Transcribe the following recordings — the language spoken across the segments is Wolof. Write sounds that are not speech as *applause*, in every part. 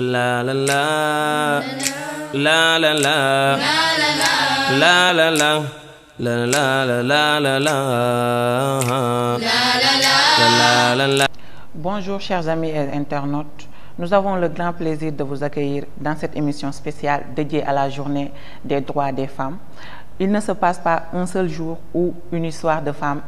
la la la la la la la la la la la la la la la la Bonjour chers amis et internautes. Nous avons le grand plaisir de vous accueillir dans cette émission spéciale dédiée à la journée des droits des femmes. Il ne se passe pas un seul jour où une histoire de femmes,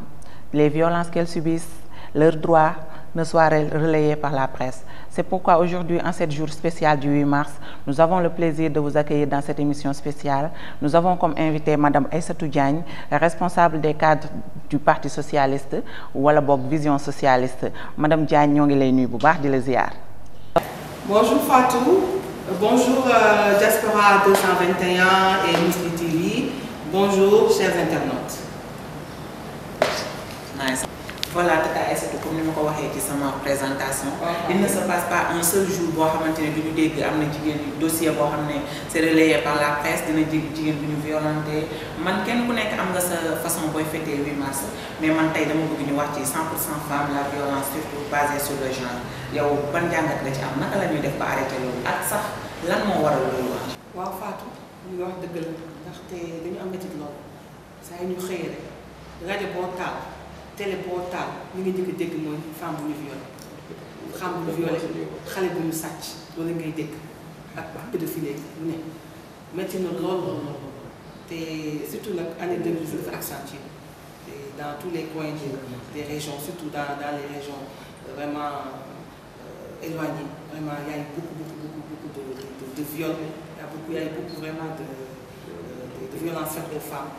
les violences qu'elles subissent, leurs droits ne soient relayés par la presse. C'est pourquoi aujourd'hui, en cette jour spécial du mars, nous avons le plaisir de vous accueillir dans cette émission spéciale. Nous avons comme invité Madame Aïssatou Diagne, responsable des cadres du Parti socialiste wala boog vision socialiste Madame Diagne ñoo ngi lay nuyu bu baax di la ziar. voilà Tata comme ni ma ko waxee ci sama présentation. il ne se passe pas un seul jour boo xamante ne bi ñu dégg am na jigéen dossier boo xam ne c' est par la presse dina jig jigéen bi ñu man kenn ku nekk am nga sa façon booy fêter 8 mars mais man tey dama bëgg ñu wax ci 100 pour cent femmes la violence surtout basée sur le genre yow ban jàngat la ci am naka la ñuy def ba arrêté loolu ak sax lan moo waral loolu wax. waaw Fatou ñu wax dëgg la boo taal. télé boo taal li nga njëkk dégg mooy femme bu ñu violé femme bu ñu violé xale bu ñu sàcc loolu ngay dégg ak pédophile lu ne métti na lool lool lool te surtout nag année 2010 dafa accentué te dans tous les coins des régions surtout dans dans les régions euh, vraiment euh, éloignées vraiment y a eu beaucoup beaucoup beaucoup beaucoup de de de viol y a beaucoup y a eu beaucoup de euh, de de violences faites aux femmes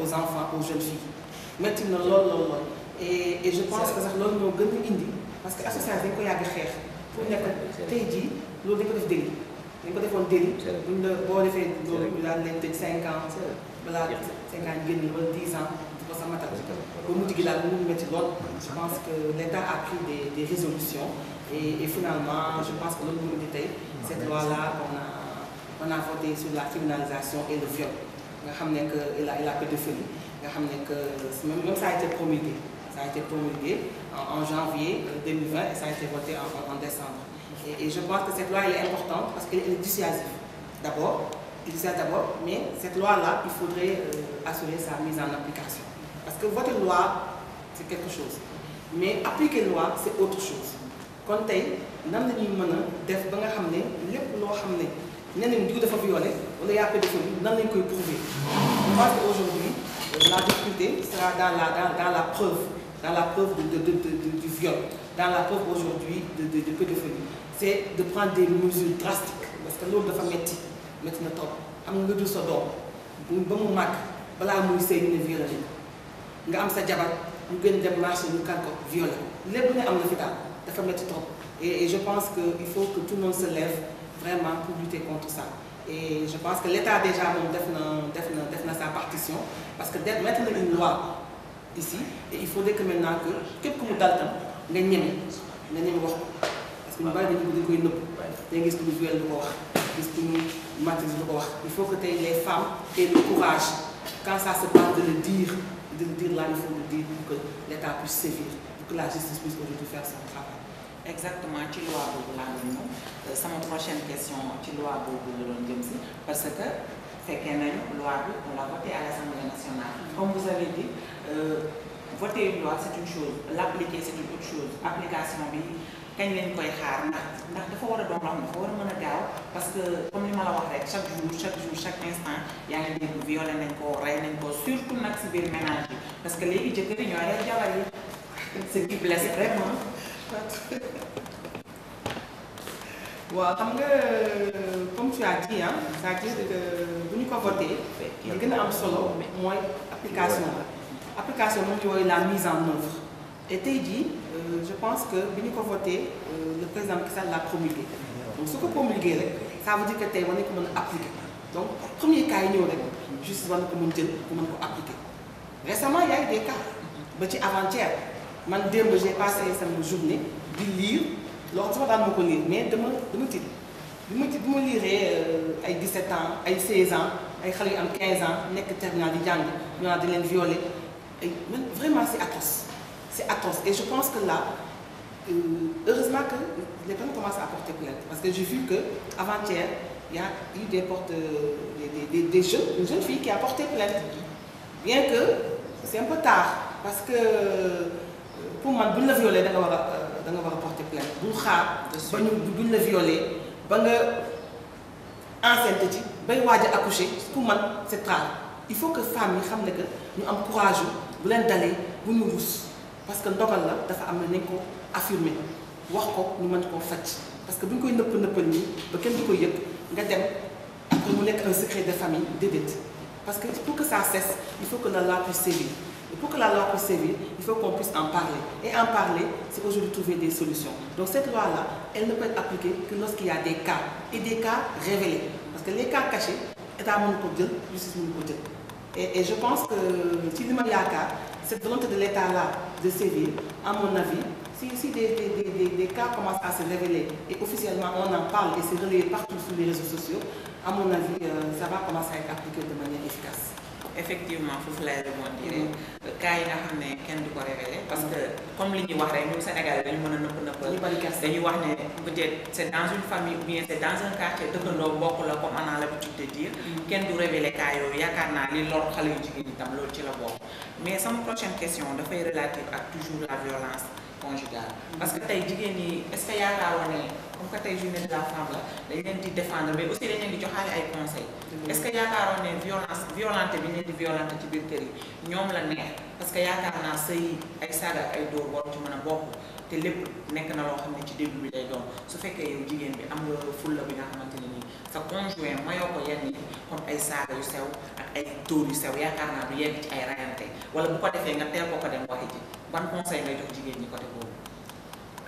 aux enfants aux jeunes filles. métti na lool lool lool. et et je pense que sax loolu moo gën a indi parce que association dañ ko yàgg xeex fu nekk tey jii lool dañ ko def délit dañ ko defoon délit boo defee loolu ñu daan leen tëj cinq ans balaa cinq ans génn wala dix ans ba sa matal ba mujj gi daal mu métti lool je pense que l'État a pris des des résolutions je pense que loolu mënu di tey cette loi là on a on a voté sur la criminalisation et le nga xam ne que la la nga xam ne que même même ça a été promulgué ça a été promulgué en, en janvier 2020 euh, et a été voté en, décembre et, je pense que cette loi elle est importante parce qu'elle est dissuasive d'abord dissuasive d'abord mais cette loi là il faudrait euh, assurer sa mise en application parce que voté loi c'est quelque chose mais appliquer loi c'est autre chose kon tey nan la ñuy mën a def ba nga xam ne lépp loo xam ne nee nañ diw dafa violé wala yàppe dafa nan lañ Euh, la difficulté sera dans la, dans, dans la preuve, dans la preuve de, de, de, du viol, dans la preuve aujourd'hui de, de, pédophilie. C'est de prendre des mesures drastiques, parce que loolu dafa metti metti na trop am nga du sa doom ba mu màgg balaa muy sëy ñu ne violé nga am sa jabar ñu gën dem marché ñu kan ko violé lépp ne am na fi daal dafa metti trop et je pense que il faut que tout le se lève vraiment pour lutter contre ça je pense que l'État déjà moom def na def na def na sa partition parce que def mettre na une loi ici et il faudrait que maintenant que képp ku mu dal tam nga ñeme nga ñeme wax ko parce que ñu bari dañu dañ koy nëbb day gis ku ñu viol du ko wax gis ku ñu martyrisme du ko wax il faut que tey les femmes aient le courage quand ça se passe de le dire de le dire là il faut dire pour que l'État puisse sévir pour la justice puisse aujourd'hui faire son travail exactement ci loi boobu laa doon ñëw euh, sama prochaine question ci loi boobu la doon jëm si parce que fekkee nañu loi bi on l'a votée à l'Assemblée nationale comme vous avez dit euh, voter une c'est une chose l'appliquer bi kañ lañ koy xaar ndax ndax dafa war a doon loo dafa war a mën a gaaw parce que comme li ma la wax rek chaque jour chaque instant yaa ngi dégg violé nañ ko rey nañ ko surtout nag si biir ménage parce que léegi jëkkër yi ñooy rey jabar *laughs* *laughs* waaw xam nga comme tu as dit ah c'est-à-dire bu ñu ko voté li gën a am solo mooy application la application moom ñu wooyu la mise en œuvre te tey jii euh, je pense que bi ñu ko voté euh, le président Macky Sall l'a promulgué donc su ko promulgué rek ça veut dire que tey war nañ ko mën appliquer donc premier cas yi ñëw rek justice war na ko mën jël ku mën ko appliquer récemment y a eu ba ci avant man démb j'ai passé sama journée di lire loolu sama daan ma ko lire mais dama dama tiit bi ma tiit bi ma liiree euh, ay 17 ans ay 16 ans ay xale yu am 15 ans nekk terminal di jàng ñu naan di leen violer ay man vraiment c'est atroce c'est atroce et je pense que là euh, heureusement que les personnes commencent à porter plainte parce que j'ai vu que avant-hier il y a eu des portes euh, des des des une jeune fille qui a porté plainte bien que c'est un peu tard parce que. pour man bu ñu la violé da nga war a da war a porter plainte bul xaar ba ñu bu ñu la violé ba nga enceinte ci bay waaj a accoucher pour man c'est tard il faut que femmes xam ne que ñu am courage bu leen dalee bu ñu rus parce que ndogal la dafa am na nañ ko affirmer wax ko ñu mën koo faj parce que bu ñu koy nëpp nëppal nii ba kenn du ko yëg nga dem après mu nekk un secret de famille déedéet parce que pour que ça cesse il faut que la loi puisse sévir pour que la loi puisse servir, il faut qu'on puisse en parler. Et en parler, c'est aujourd'hui trouver des solutions. Donc cette loi-là, elle ne peut être que lorsqu'il y a des cas, et des cas révélés. Parce que les cas cachés, état monopole, justice monopole. Et, et je pense que Tilimayaka, cette volonté de l'État-là de servir, à mon avis, si, si des, des, des, des, cas commencent à se révéler et officiellement on en parle et c'est relayé partout sur effectivement foofu lay remontiré cas nga xam ne kenn du ko révélé parce que comme li ñuy wax rek ñun Sénégal dañu mën a nëpp nëppal dañuy wax ne peut-être c'est dans une famille ou bien c'est dans un quartier dëkkandoo bokk la comme on a l'habitude mm. kenn du révélé cas yaakaar naa li lor xale yu jigéen ñi tam loolu ci la bokk mais sama prochaine question dafay relative ak toujours la violence conjugale parce que tey jigéen ñi est-ce yaakaaroon ne comme que tey journée de la femme la dañ leen di défendre mais aussi dañ leen di joxaale ay conseils mm-hmm. est bi ñu leen ay saaga ay dóor waru ci mën a te lépp nekk na loo xam ne ci début bi lay doon su fekkee jigéen bi am nga fulla xamante ne nii sa conjoint mayoo ay saaga yu sew ak ay dóor yu sew yaakaar naa du yegg ci ay rayante wala bu ko defee nga teel ko ko dem waxi ji ban conseil ngay jox jigéen ñi côté boobu.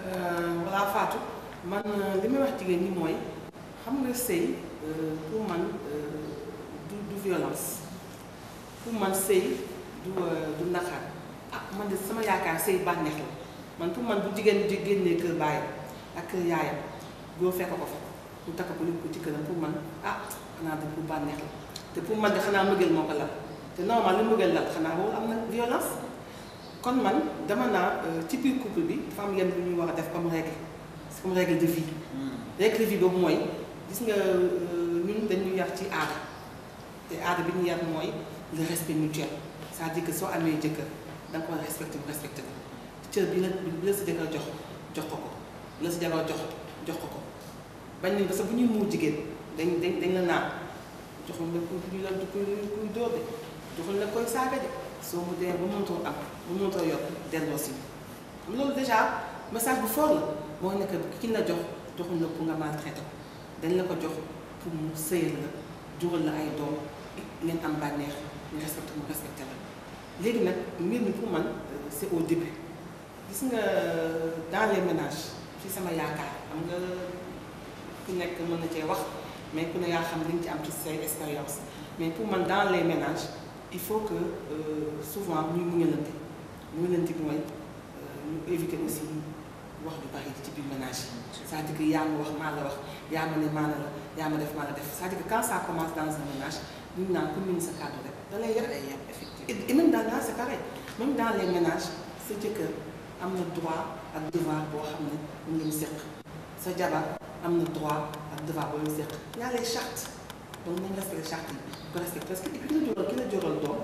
Euh, voilà Fatou man euh, li may wax jigéen ñi mooy xam nga sëy euh, pour man du du violence pour man sëy du du naqar ah man de sama yaakaar sëy bànneex la man pour man bu jigéen di génnee kër baay ak kër yaayam góor fekk ko fa mu takk ko yóbbu ko ci këram pour man ah xanaa de pour bànneex la te pour man de xanaa mëggal moo ko lal te normal li mëggal lal xanaa boobu am na violence. kon man dama naa euh, ci biir couple bi dafa am yenn lu ñuy wax a def comme règle comme règle de vie. Hmm. règle de vie mooy gis nga euh, ñun dañu yar ci aada te aada bi ñu yar mooy le respect mutuel cest soo amee jëkkër da nga ko respecté cër bi la bi la sa jëkkër jox jox ko ko bi la sa jabar jox jox ko ko bañ nañ parce que bu ñuy muur jigéen dañ dañ dañ la naan joxuñ la kuy kuy kuy dóor de joxuñ la koy saaga de soo mu dee ba mënatoo am. mënoo koy yokk delloo si loolu déjà message bu fort la mooy ne que ki la jox joxuñ la pour nga maltraité ko dañ la ko jox pour mu sëyal la jural la ay doom ngeen am bànneex ñu respecté mu respecté la léegi nag mbir mi pour man euh, c'est au début gis nga euh, dans les ménages ci sama yaakaar am nga ku nekk mën na cee wax mais ku ne yaa xam li ñu ci am ci say expérience mais pour man dans les ménages il faut que euh, souvent ñuy muñalante mënanti mooy euh, ñu éviter aussi wax ju bari ci biir ménage c'est-à-dire que yaa ma wax maa la wax yaa ma ne maa la yaa ma def maa la def c'est-à-dire que quand ça commence dans un ménage ñu naan pour ñu sa kàddu rek da lay yore ay effectivement et même dans dans c'est pareil même dans les ménages sa jëkkër am na droit ak devoir boo xam ne mu ngi seq sa jabar am na droit ak devoir boo ñu seq yaa les chartes donc nañ respecté chartes yi ko respecté parce que ki la jural ki la jural doom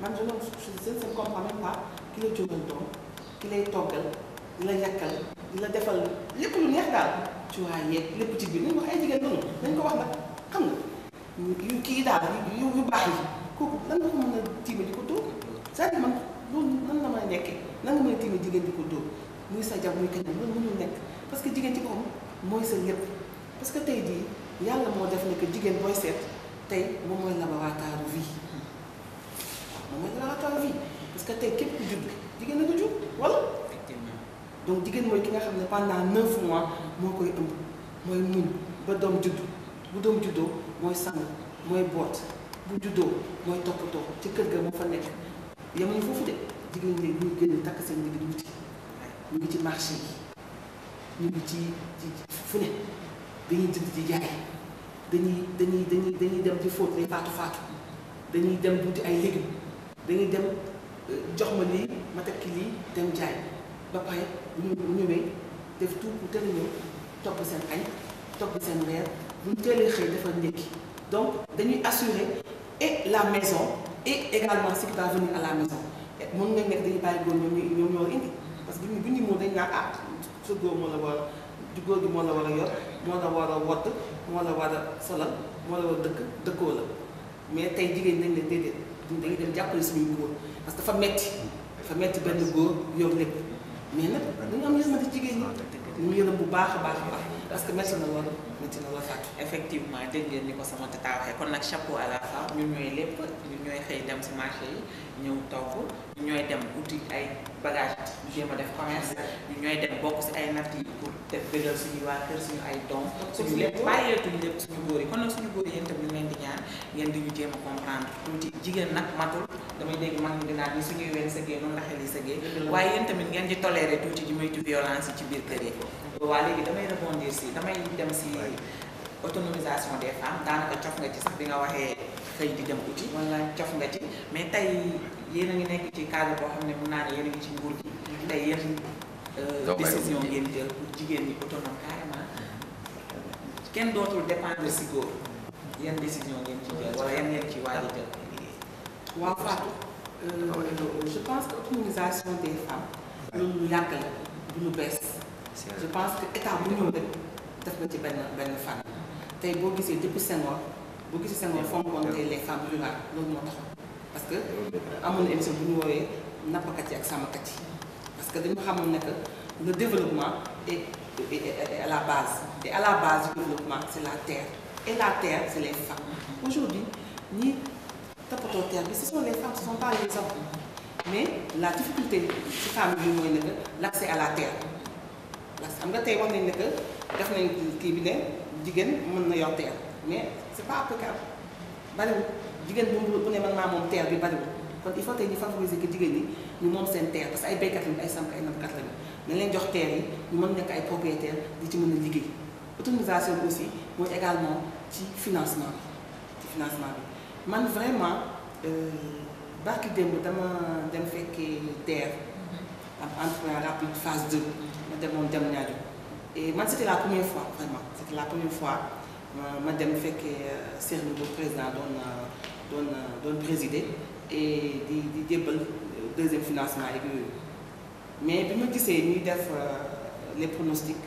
man je ne je ne comprends même pas ki la jolantoo ki lay toggal di la yàkkal la defal lépp lu neex daal ci lépp ci biir nañ wax ay jigéen noonu nañ ko wax na xam nga yu kii daal yu yu baax yi kooku lan nga di ko dóor c'est-à-dire man na nan la mën nekkee nan nga mën a jigéen di ko dóor muy sa jab muy keneen loolu mënul nekk parce que jigéen ci boppam mooy sa lépp parce que tey jii yàlla moo def ne jigéen booy seet tey moom mooy laboratoire vie moom mooy laboratoire vie parce que tey képp ku judd jigéen na ko jur donc jigéen mooy ki nga xam ne pendant neuf mois moo koy ëmb mooy muñ ba doom judd bu doom juddoo mooy sang mooy boot bu juddoo mooy toppatoo ci kër ga moo fa nekk yemuñu foofu de jigéen ñi ñu génn takk seen ndigg di wuti ñu ngi ci marché yi ñu ngi ci fu ne dañuy jënd ci jaay dañuy dañuy dañuy dem ci fóot day faatu faatu dañuy dem wuti ay légumes dañuy dem. jox ma lii ma tekki lii dem jaay ba pare ñu ñëwee def tout pour teel a ñëw topp seen añ topp seen reer bu ñu xëy defal ndékki donc dañuy assurer et la maison et également ce qui va venir la maison mën nga nekk dañuy bàyyi góor ñoom ñoo indi parce que bu ñu bu ñu moom dañ naan ah sa góor moo la war a du gi moo la war a yor moo la war a wodd moo la war a solal moo la war a dëkk dëkkoo la mais tey jigéen dañ leen déedéet dañuy dem jàppale suñuy góor parce que dafa metti fa metti benn góor yor lépp mais nag dañu am yërmande jigéen ñi bu baax a parce que metti na war metti na effectivement dégg ngeen ni sama tata kon nag chapeau à la femme ñun ñooy lépp ñun ñooy dem si ñëw togg ñun ñooy dem uti ay bagage jéem a def commerce ñun ñooy dem bokk ay natt yi pour def bëggal suñuy waa ay doom suñu lépp bàyyeetuñu lépp suñu góor yi kon suñu góor yi di ñaan ngeen di ñu jéem a comprendre tuuti jigéen nag matul damay dégg mag ñi naan ni suñuy wen sëggee noonu la xel yi sëggee waaye yéen tamit ngeen di toléré tuuti di moytu violence yi ci biir kër yi waa léegi damay rebondir si damay dem si autonomisation des femmes daanaka nga ci sax bi nga waxee xëy di dem uti wala cof nga ci mais tey yéen a ngi nekk ci cadre xam ne mun naa ne yéen ci nguur gi mm-hmm. tey yéen euh, décision ngeen jël pour jigéen ñi autonome kenn dootul dépendre si góor yan décision ngeen ci jël wala yan ngeen ci waaj jël waaw Fatou euh, je pense que autonomisation des femmes loolu lu yàgg la du lu bees je pense que état bu ñëw rek def na ci benn benn fan tey boo gisee depuis Senghor boo gisee Senghor fonkoon tey les femmes rurales loolu tax parce que amoon na émission bu ñu woowee nappkat yi ak sàmmkat parce que dañu xamoon ne que le développement est à la base et à la base du développement c'est la terre et la terre c'est les femmes aujourd'hui ñi toppatoo terre bi si sont les femmes ce sont pas mais la difficulté ci femme bi mooy ne que l' à la terre parce que xam nga tey wax nañ ne que def nañ kii bi ne jigéen mën na yor mais c' est jigéen bu mu ne man maa moom teer bi bariwul kon il faut tey ñu favoriser que jigéen ñi ñu moom seen terre parce que ay béykat lañu ay sàmm ay nappkat lañu nañ leen jox terre yi ñu mën nekk ay propriétaire di ci mën a liggéey autonisation bi aussi mooy également ci financement bi ci financement bi. man vraiment euh, barki démb dama dem fekkee DER mhm. am entrepreneur rapide phase 2 ma demoon dem ñaaju et man c'était la première fois vraiment c'était la première fois euh, ma dem fekkee euh, Serigne bu président doon doon doon présider et di di jébbal deuxième financement yeeg yooyu mais bi ma gisee ñuy def les pronostics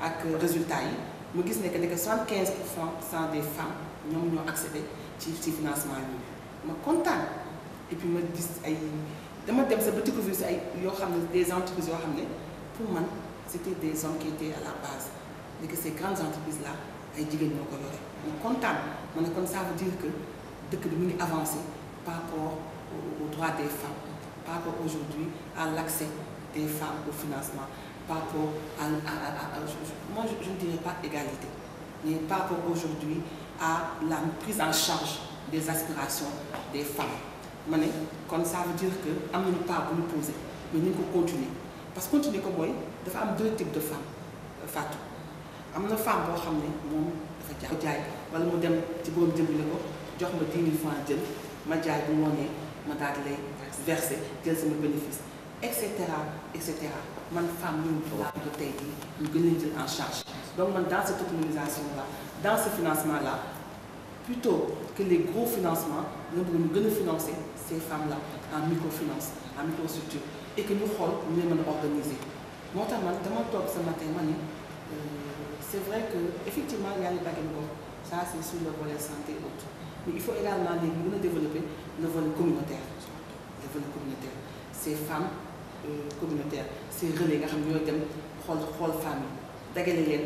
ak résultats yi mu gis ne que ne que soixante quinze pour cent des femmes ñoom ñoo accédé ci ci financement bi ma kontaan et puis ma gis ay dama dem sa ba découvrir si ay yoo xam ne des entreprises yoo xam ne pour man c'était des hommes qui étaient à la base et que ces grandes entreprises là ay jigéen ñoo ko yore ma kontaan ma ne kon ça dire que dëkk bi mu ngi avancé par rapport aux droits des femmes par rapport aujourd'hui à l'accès des femmes au financement par rapport à à à moi je ne dirais pas égalité mais par rapport à la prise en charge des aspirations des femmes ma ne kon ça veut dire que am nañu pas bu ñu posé mais ñu ko continuer parce que continuer ko booy dafa am deux types de femmes Fatou am na femme boo xam ne moom dafa jaay jaay wala mu dem ci boroom jëmbale ko jox ma 10 000 jël ma jaay bu ngoonee ma daal di lay verser jël sama bénéfice et cetera et cetera man femme ñun laa ko tey jii ñu gën jël en charge donc man dans cette autonomisation là dans ce financement la plutôt que les gros financement dina bëgg ñu gën a financer ces femmes la en microfinance en microstructure et que ñu xool ñu leen mën a moo tax man dama toog ce matin ma ni euh, c'est vrai que effectivement yaa ngi bàggee ko ça c'est sur le volet santé et autres mais il faut également léegi mën a développer le volet communautaire le volet Euh, communautaire ces relais nga xam ñoo dem xool xool famille dagale leen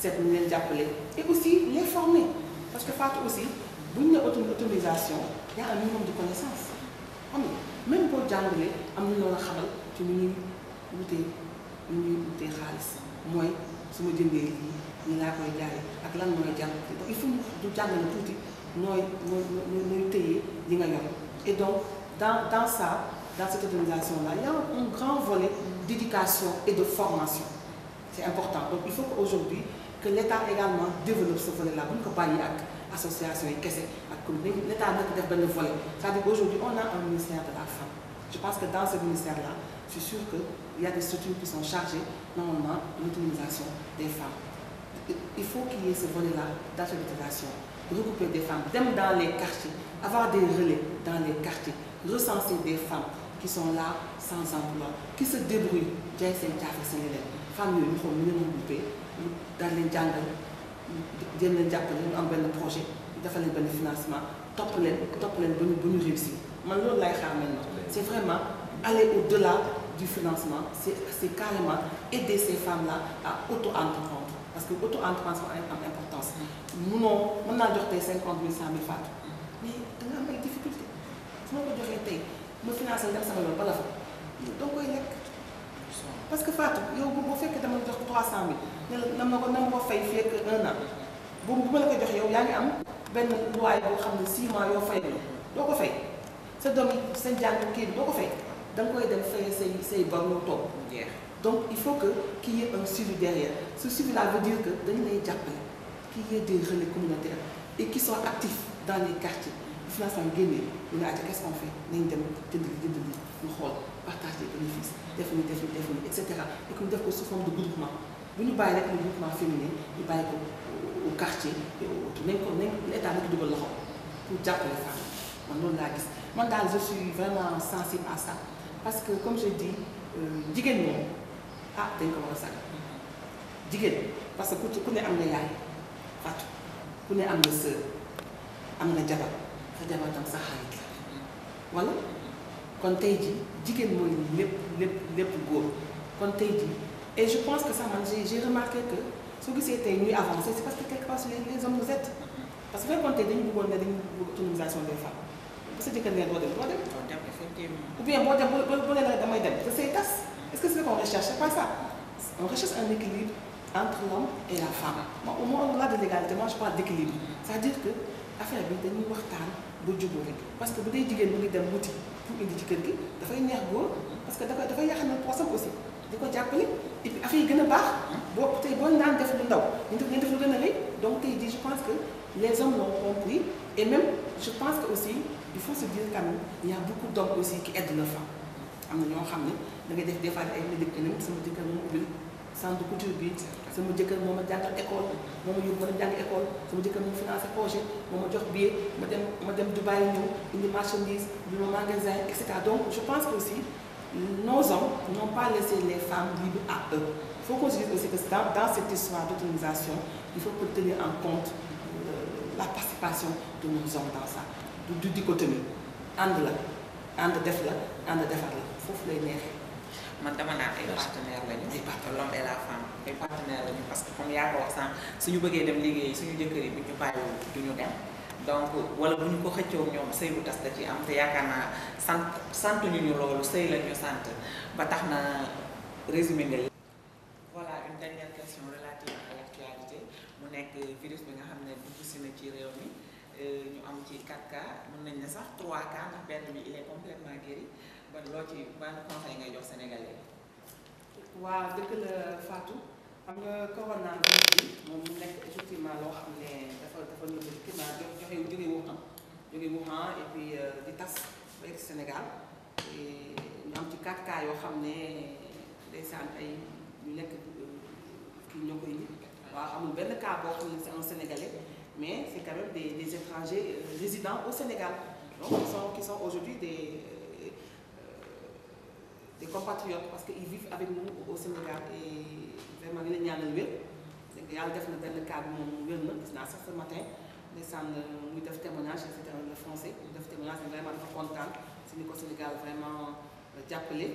seet ñu leen jàppale et aussi les former parce que Fatou aussi buñ ne auto autonomisation y a un minimum di connaissance xam nga même boo jàngalee am na loo la ci nu ñuy wutee nu ñuy wutee xaalis mooy su ma jëndee lii ñu koy jaayee ak lan mooy jàng il faut du jàngale tuuti nooy nooy nooy téye li nga yor et donc dans dans ça. dans cette organisation-là, il y a un, mm. grand volet d'éducation et de formation. C'est important. Donc il faut qu'aujourd'hui, que l'État également développe ce volet-là. Vous ne pouvez pas y aller association l'État a fait le volet. C'est-à-dire qu'aujourd'hui, on a un ministère de la femme. Je pense que dans ce ministère-là, je sûr qu'il y a des structures qui sont chargées normalement de des femmes. Il faut qu'il y ait ce volet-là d'alphabétisation, regrouper des femmes, même qui sont cent sans emploi qui se débrouillent jaay seen caafa seen leneen femmes yooyu ñu xool ñu leen groupé daal leen jàngal jéem leen jàppale ñu am benn projet defal leen benn financement topp leen topp leen ba ñu ba ñu man loolu lay xaar maintenant c' est vraiment aller au-delà du financement c' est c' est carrément aider ces femmes là à auto parce que auto-entreprendre am importance munoo mën naa jox tey cinquante mille cent mille francs ma financé dem sama yoon ba la fa doo koy lekk parce que Fatou yow bu boo fekkee dama jox trois cent mi ne la na ma ko na ma ko fay fekk un an bu bu ma la ko jox yow yaa ngi am benn loyer boo xam ne six mois yoo fay la doo ko fay sa doom sa njàng kii bi doo ko fay da koy dem fay say say bor mu toog donc il faut que qu'il y ait su suivi derrière ce suivi là veut dire que dañu lay jàppale kii y ait des relais communautaires et qui sont actifs dans les financement bi génnee ñu laaj qu'est-ce fait nañ dem jënd li jënd li ñu xool partage des bénéfices def ni def ni def ni que def ko sous forme de groupement bu ñu bàyyi rek mu groupement féminin ñu bàyyi ko au quartier nañ ko nañ état ko dugal loxo pour jàppale sax man loolu laa gis man daal je suis sensible à ça parce que comme je dis euh, jigéen moom ah dañ ko war a sagal jigéen parce que ku ne am na yaay Fatou ku ne am na sœur am na jabar te jabatam sa xarit la wala kon tey ji jigéen mooy lépp lépp lépp góor kon tey ji et je pense que ça man j'ai remarqué que su gisee tey ñuy avancé c'est parce que quelque part les hommes nous aident parce que fekkoon tey dañu bëggoon ne dañu bëgg autonomisation des femmes parce que jëkkër ngeen doo dem doo dem ou dem bu ne la damay dem te say tas est-ce que c'est qu'on recherche c'est pas ça on recherche un équilibre entre l'homme et de l'égalité moi je dire que affaire bi dañuy waxtaan ba jubóo rek parce que bu dee jigéen mu ngi dem wuti pour indi ci kër gi dafay neex góor parce que dafa dafay yàq na poosam aussi di ko jàppale et puis affaire baax boo tey boo naan def lu def ñu def lu gën a je pense que les hommes l'ont compris même je pense que aussi il faut se dire quand même il y a beaucoup d'hommes aussi qui aident leurs femmes am na ñoo xam ne da ngay def des fois ay médicaments sama jëkkër moom ubbil centre de couture bi sama jëkkër moom ma jàngal école moom ma yóbbu ma dem jàng école sama jëkkër moo financé projet moo ma jox billet ma dem ma dem Dubaï ñëw indi marchandise bi ma magasin et cetera donc je pense que aussi nos hommes n'ont pas laissé les femmes libres à eux il faut qu'on se aussi que dans, dans cette histoire d'autonomisation il faut tenir en compte euh, la participation de nos hommes dans ça du dichotomie ànd la ànd def la ànd defar la foofu lay neexee man dama naan ay partenaire lañu ay partenaire et la femme ay lañu parce que comme yaa ko wax sànq suñu bëggee dem liggéey suñu jëkkër yi bu ñu bàyyiwul du ñu dem donc wala bu ñu ko xëccoo ñoom sëy bu tas da ci am te yaakaar naa sant sant ñu ñu loolu sëy la sant ba tax na résumé nga voilà une question relative à mu nekk virus bi nga xam ne dugg si ci réew mi euh, ñu am ci 4 cas mën nañ ne sax 3 cas ndax benn bi il est complètement guéri ban loo ci ban conseil ngay jox Sénégalais waaw dëgg la Fatou xam nga kawoon naa bi mu nekk effectivement loo xam ne dafa dafa nëbb effectivement jox joxe jóge Wuhan jóge Wuhan et euh, di tas ba egg Sénégal ñu am ci quatre yoo xam ne ndeysaan ay ñu nekk euh, kii ñoo koy waaw amul benn cas boo xam mais c'est quand même des étrangers euh, résidents au Sénégal donc qui sont qui aujourd'hui des des compatriotes parce que ils vivent avec nous au Sénégal et vraiment li ñaan ñaanal wér yàlla def na benn cas bi moom wér na gis naa sax ce matin ndeysaan euh, muy def témoignage et le français def témoignage vraiment dafa si ni ko Sénégal vraiment euh, jàppale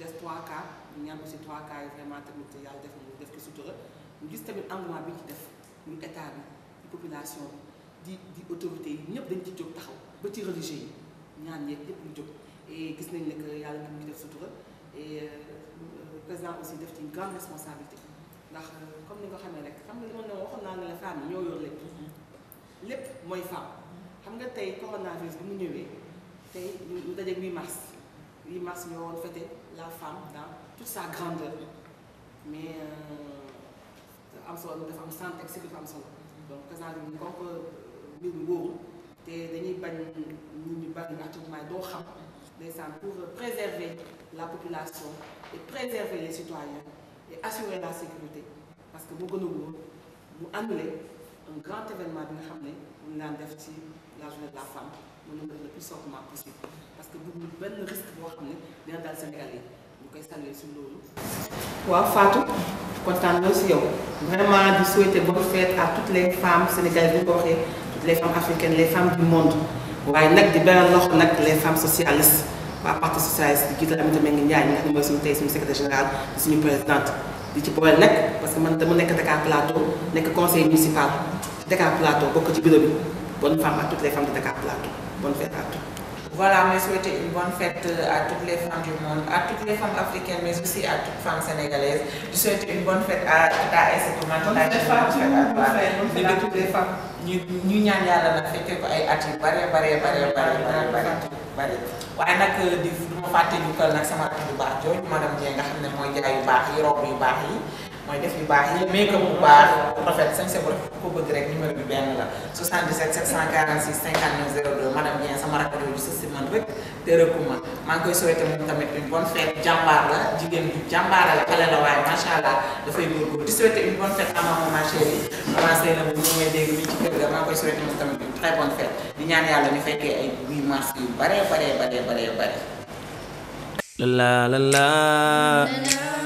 des trois cas ñu ñaan aussi trois cas yi tamit yàlla def na mu def ci sutura ñu gis tamit engouement bi ñu ci def muy état bi di population di di autorité yi ñëpp dañ ci jóg taxaw ba ci religieux yi ñaan yeeg ñëpp ñu jóg gis nañ ne que yàlla ñu ngi def sutura et euh, président aussi def ci grande responsabilité ndax euh, comme ni nga ne rek xam nga li ma ne waxoon naa ne la femmes yi ñoo yor lépp lépp mooy femme xam nga tey coronavirus bi mu ñëwee tey ñu daje 8 mars 8 mars ñoo woon la femme dans toute sa grandeur mais euh, am solo dafa am santé si dafa am solo donc président bi comme te dañuy bañ nit ñu bari actuellement boo xam ndeysaan pour préserver la population et préserver les citoyens et assurer la sécurité parce que moo gën a wóor mu annuler un grand événement bi nga xam ne mun naan def ci la journée de la femme mën na def plus sortement possible parce que bu benn risque boo xam ne dina dal Sénégal yi ñu koy saluer si loolu. waaw Fatou kontaan na si yow vraiment di souhaiter bonne fête à toutes les femmes sénégalaises bu ñu ko waxee toutes les femmes africaines les femmes du monde. waaye nag di beneen loxo nag les femmes socialistes waa parti socialiste di jiital Aminata Mbengue Ndiaye mi nga xam ne mooy suñu tey suñu secrétaire général di suñu présidente di ci boole nag parce que man dama nekk Dakar Plateau nekk conseil municipal Dakar Plateau bokk ci bureau bi bonne femme à toutes les femmes de Dakar Plateau bonne fête à tous Voilà, mais souhaiter une bonne fête euh, à toutes les femmes du monde, à toutes les femmes africaines, mais aussi à toutes les femmes sénégalaises. Je souhaite une bonne fête à ta et c'est tout maintenant. Bonne fête à toutes ñu ñu ñaan yàlla na fekkee ko ay at yu bare bare bare bare bare bare bare waaye nag euh, di du ma fàtte ñu kal nag sama rakk bu baax jooju madame Dieng nga xam ne mooy jaay yu baax yi robe yu baax yi. mooy def yu baax yi make up bu baax rafet sañse bu rafet ko bëgg rek numéro bi benn la 77 746 59 02 madame Dieng sama rakk jooju sa si man rek te rëkku ma maa ngi koy souhaité moom tamit une bonne fête jàmbaar la jigéen bi jàmbaar la xale la waaye macha allah dafay góorgóorlu une bonne fête à maman ma chérie commencé na bu ñu may dégg mi ci kër ga maa koy souhaité tamit une très bonne di ñaan yàlla ñu fekkee ay 8 mars yu bare bare bare bare bare la la